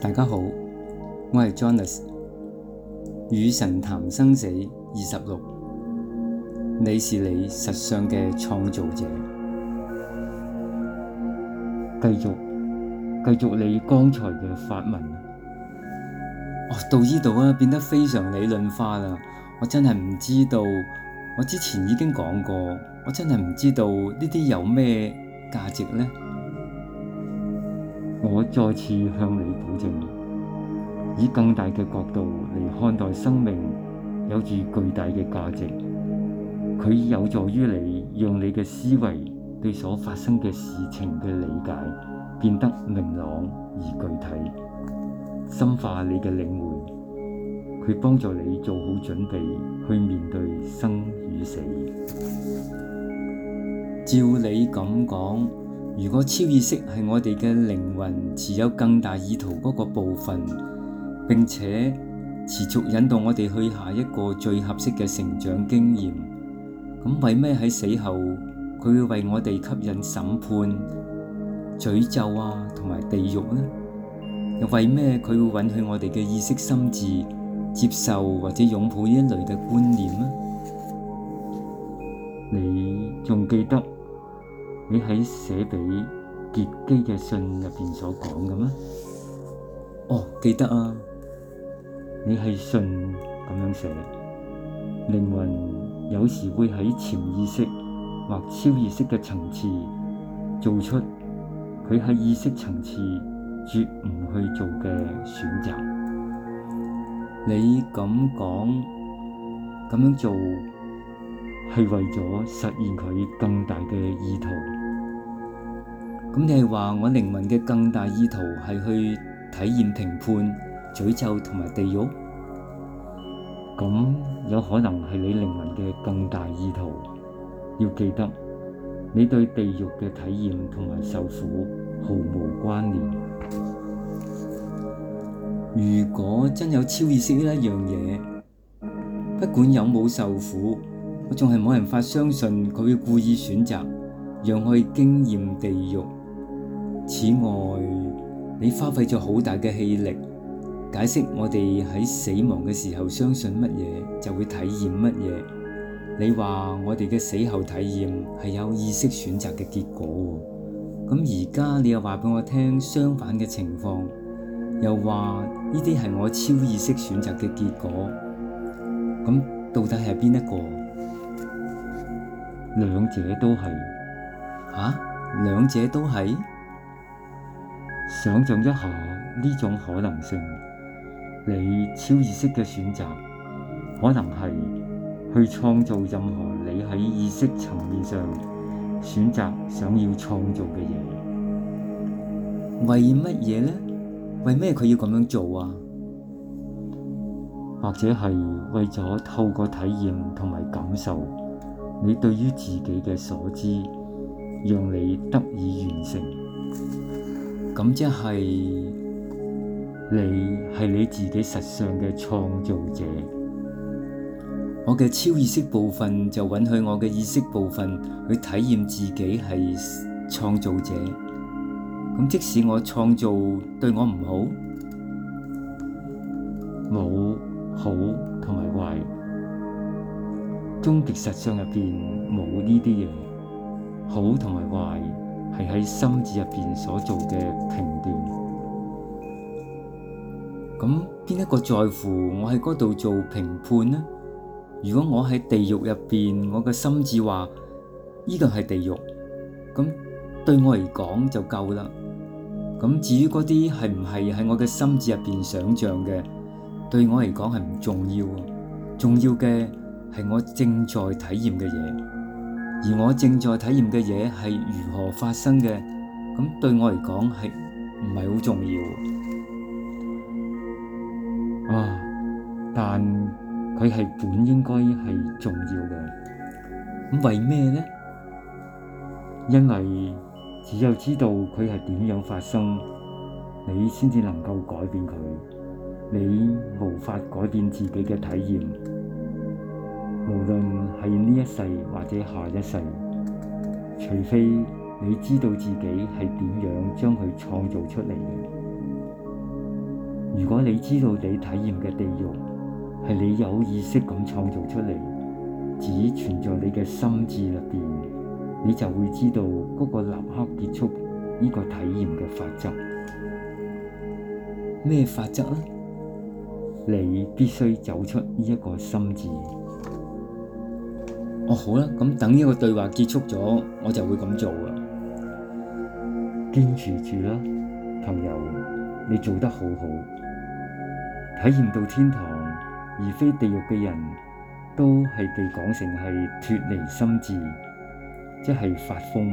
大家好，我係 Jonas，與神談生死二十六，你是你實相嘅創造者，繼續繼續你剛才嘅發問，哦到呢度啊，變得非常理論化啦，我真係唔知道，我之前已經講過。我真係唔知道呢啲有咩價值呢？我再次向你保證，以更大嘅角度嚟看待生命，有住巨大嘅價值。佢有助於你，讓你嘅思維對所發生嘅事情嘅理解變得明朗而具體，深化你嘅領會。佢幫助你做好準備去面對生與死。照你咁講，如果超意識係我哋嘅靈魂持有更大意圖嗰個部分，並且持續引導我哋去下一個最合適嘅成長經驗，咁為咩喺死後佢會為我哋吸引審判、詛咒啊，同埋地獄呢？又為咩佢會允許我哋嘅意識心智接受或者擁抱呢一類嘅觀念呢？你仲記得？你喺寫畀傑基嘅信入邊所講嘅咩？哦，記得啊，你係信咁樣寫，靈魂有時會喺潛意識或超意識嘅層次做出佢喺意識層次絕唔去做嘅選擇。你咁講，咁樣做係為咗實現佢更大嘅意圖。咁你係話我靈魂嘅更大意圖係去體驗評判、詛咒同埋地獄？咁有可能係你靈魂嘅更大意圖。要記得，你對地獄嘅體驗同埋受苦毫無關聯。如果真有超意識呢一樣嘢，不管有冇受苦，我仲係冇人法相信佢會故意選擇讓我去經驗地獄。此外，你花費咗好大嘅氣力，解釋我哋喺死亡嘅時候相信乜嘢就會體驗乜嘢。你話我哋嘅死後體驗係有意識選擇嘅結果。咁而家你又話畀我聽相反嘅情況，又話呢啲係我超意識選擇嘅結果。咁到底係邊一個？兩、啊？兩者都係。吓，兩者都係？想象一下呢種可能性，你超意識嘅選擇，可能係去創造任何你喺意識層面上選擇想要創造嘅嘢。為乜嘢呢？為咩佢要咁樣做啊？或者係為咗透過體驗同埋感受，你對於自己嘅所知，讓你得以完成。咁即係你係你自己實相嘅創造者。我嘅超意識部分就允許我嘅意識部分去體驗自己係創造者。咁即使我創造對我唔好，冇好同埋壞，終極實相入邊冇呢啲嘢，好同埋壞。係喺心智入邊所做嘅評斷，咁邊一個在乎我喺嗰度做評判呢？如果我喺地獄入邊，我嘅心智話呢個係地獄，咁對我嚟講就夠啦。咁至於嗰啲係唔係喺我嘅心智入邊想象嘅，對我嚟講係唔重要。重要嘅係我正在體驗嘅嘢。而我正在體驗嘅嘢，係如何發生嘅，咁對我嚟講係唔係好重要啊？但佢係本應該係重要嘅。咁為咩呢？因為只有知道佢係點樣發生，你先至能夠改變佢。你無法改變自己嘅體驗。無論係呢一世或者下一世，除非你知道自己係點樣將佢創造出嚟。如果你知道你體驗嘅地獄係你有意識咁創造出嚟，只存在你嘅心智入邊，你就會知道嗰個立刻結束呢個體驗嘅法則。咩法則呢？你必須走出呢一個心智。哦，好啦，咁等呢個對話結束咗，我就會咁做啊！堅持住啦，朋友，你做得好好，體驗到天堂而非地獄嘅人都係被講成係脫離心智，即係發瘋。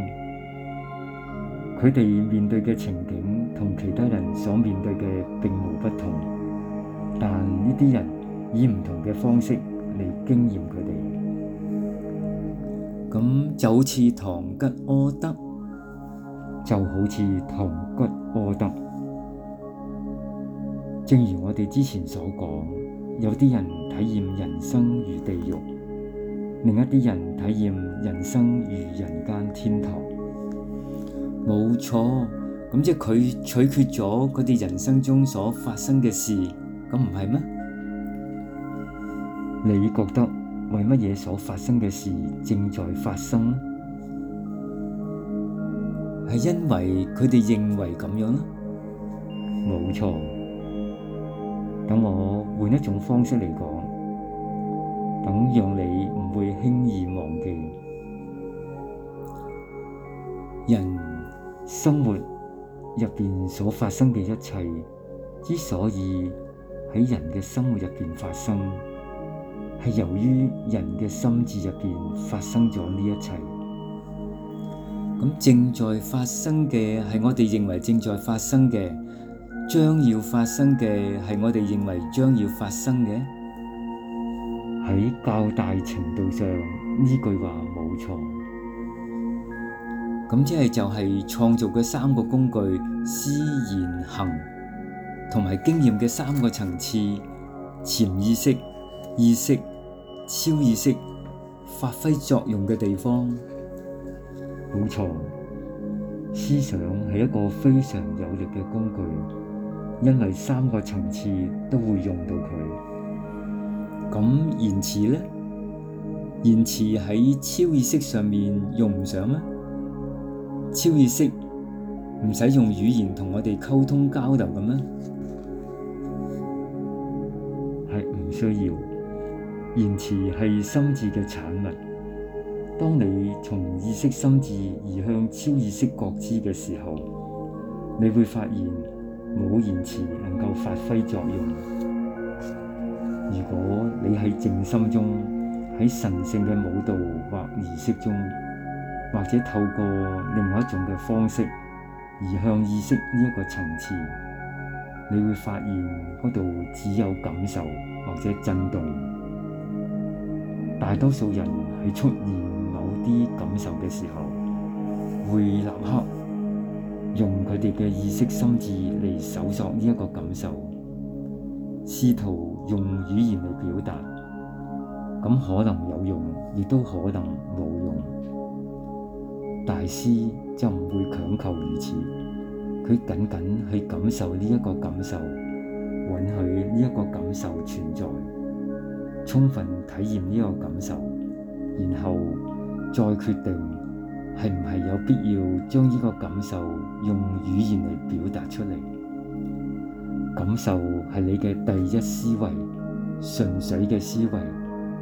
佢哋面對嘅情景同其他人所面對嘅並無不同，但呢啲人以唔同嘅方式嚟經驗佢哋。咁就好似唐吉訶德，就好似唐吉訶德。正如我哋之前所講，有啲人體驗人生如地獄，另一啲人體驗人生如人間天堂。冇錯，咁即係佢取決咗佢哋人生中所發生嘅事，咁唔係咩？你覺得？為乜嘢所發生嘅事正在發生咧？係因為佢哋認為咁樣啦，冇錯。等我換一種方式嚟講，等讓你唔會輕易忘記，人生活入邊所發生嘅一切，之所以喺人嘅生活入邊發生，係由於人嘅心智入邊發生咗呢一切，咁正在發生嘅係我哋認為正在發生嘅，將要發生嘅係我哋認為將要發生嘅。喺較大程度上，呢句話冇錯。咁即係就係創造嘅三個工具：思、言、行，同埋經驗嘅三個層次：潛意識、意識。超意識發揮作用嘅地方，冇錯。思想係一個非常有力嘅工具，因為三個層次都會用到佢。咁言詞呢？言詞喺超意識上面用唔上咩？超意識唔使用，用語言同我哋溝通交流嘅咩？係唔需要。言詞係心智嘅產物。當你從意識心智移向超意識覺知嘅時候，你會發現冇言詞能夠發揮作用。如果你喺靜心中，喺神聖嘅舞蹈或儀式中，或者透過另外一種嘅方式移向意識呢一個層次，你會發現嗰度只有感受或者震動。大多數人喺出現某啲感受嘅時候，會立刻用佢哋嘅意識心智嚟搜索呢一個感受，試圖用語言嚟表達。咁可能有用，亦都可能冇用。大師就唔會強求如此，佢僅僅去感受呢一個感受，允許呢一個感受存在。充分體驗呢個感受，然後再決定係唔係有必要將呢個感受用語言嚟表達出嚟。感受係你嘅第一思維，純粹嘅思維，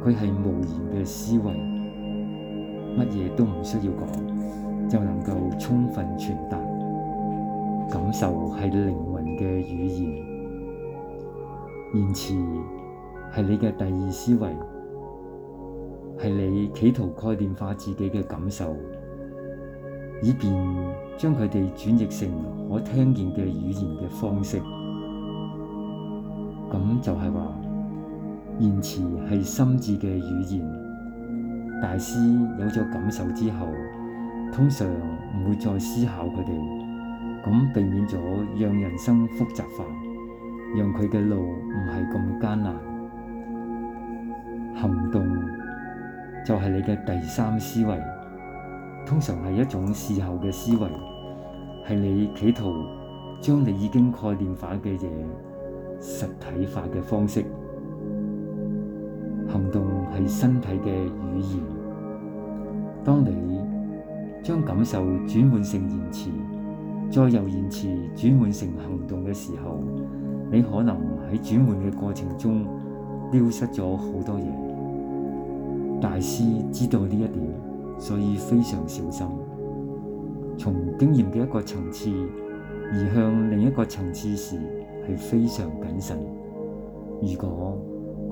佢係無言嘅思維，乜嘢都唔需要講，就能夠充分傳達。感受係靈魂嘅語言，言詞，係你嘅第二思維，係你企圖概念化自己嘅感受，以便將佢哋轉譯成可聽見嘅語言嘅方式。咁就係話，言詞係心智嘅語言。大師有咗感受之後，通常唔會再思考佢哋，咁避免咗讓人生複雜化，讓佢嘅路唔係咁艱難。行動就係你嘅第三思維，通常係一種事後嘅思維，係你企圖將你已經概念化嘅嘢實體化嘅方式。行動係身體嘅語言。當你將感受轉換成言詞，再由言詞轉換成行動嘅時候，你可能喺轉換嘅過程中丟失咗好多嘢。大師知道呢一點，所以非常小心。從經驗嘅一個層次移向另一個層次時，係非常謹慎。如果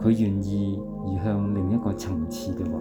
佢願意移向另一個層次嘅話，